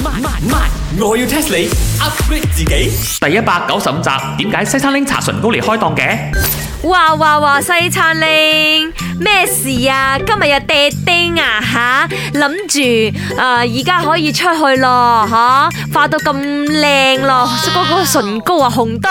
慢慢慢，我要 test 你 upgrade 自己。第一百九十五集，點解西餐拎搽唇膏嚟開檔嘅？哇哇哇西餐拎咩事啊？今日又跌丁啊吓，諗住誒，而家可以出去咯，嗬？化到咁靚咯，嗰個唇膏啊，紅到。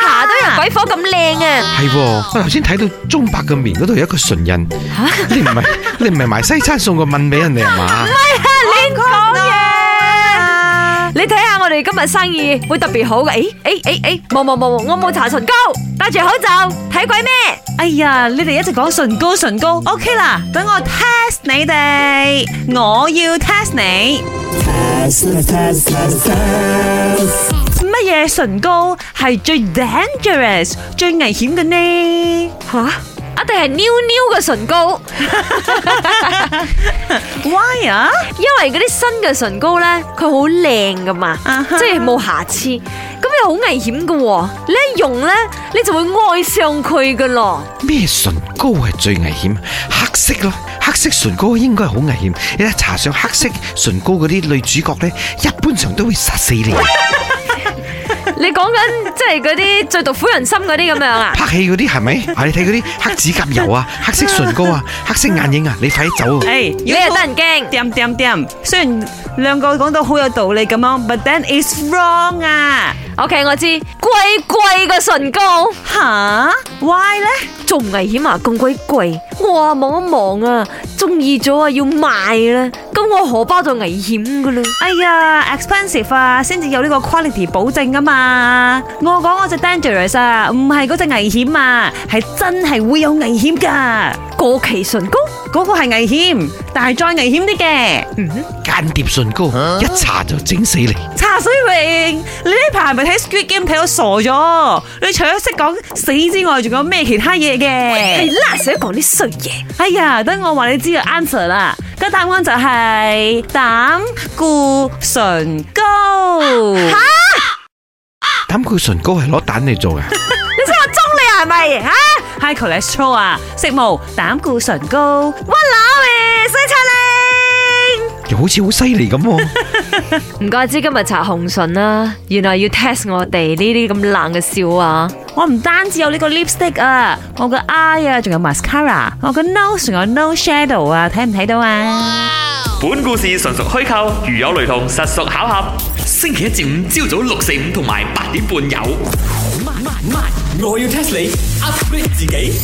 查到有，鬼火咁靚啊！係，我頭先睇到鍾伯嘅面嗰度有一個唇印，你唔係你唔係買西餐送個吻俾人哋係嘛？唔係啊，你講嘢，你睇下我哋今日生意會特別好嘅，誒誒誒誒，冇冇冇冇，我冇搽唇膏，戴住口罩睇鬼咩？哎呀，你哋一直講唇膏唇膏，OK 啦，等我 test 你哋，我要 test 你，test test test。嘅唇膏係最 dangerous，最危險嘅呢吓，一定係妞妞嘅唇膏。Why 啊？因為嗰啲新嘅唇膏咧，佢好靚噶嘛，uh huh. 即係冇瑕疵，咁又好危險嘅喎。你一用咧，你就會愛上佢嘅咯。咩唇膏係最危險？黑色咯，黑色唇膏應該係好危險。你一搽上黑色唇膏嗰啲女主角咧，一般上都會殺死你。 你講緊即係嗰啲最毒婦人心嗰啲咁樣戲是是啊？拍戲嗰啲係咪？你睇嗰啲黑指甲油啊、 黑色唇膏啊、黑色眼影啊，你快啲走、啊！哎，你又得人驚？掂掂掂，雖然兩個講到好有道理咁樣，but then it's wrong 啊！OK，我知貴貴嘅唇膏吓、huh?，why 呢？仲危險啊！咁鬼貴，我望一望啊，中意咗啊，要賣啦！咁我荷包就危險噶啦！哎呀，expensive 啊，先至有呢個 quality 保證噶嘛！我講嗰隻 dangerous 啊，唔係嗰隻危險啊，係真係會有危險噶！過期唇膏嗰個係危險，但係再危險啲嘅，間諜唇膏一查就整死你！查水明，你呢排係咪睇《Squid Game》睇到傻咗？你除咗識講死之外，仲有咩其他嘢？嘅，係拉死部啲衰嘢。哎呀，等我話你知啊，answer 啦，個答案就係膽固醇高。吓，膽固醇高係攞蛋嚟做嘅。你識我中你係咪？吓，係 call let's try 啊，食物膽固醇高，哇啦喂，犀犀利，又好似好犀利咁喎。唔 怪知今日搽紅唇啦，啊，原來要 test 我哋呢啲咁冷嘅笑話啊。我唔單止有呢個 lipstick 啊，我個 eye 啊，仲有 mascara，我個 nose 仲有 no shadow 啊，睇唔睇到啊？Wow! 本故事純屬虛構，如有雷同，實屬巧合。星期一至五朝早六四五同埋八點半有。Oh, my, my, my. 我要 test 你，upgrade 自己。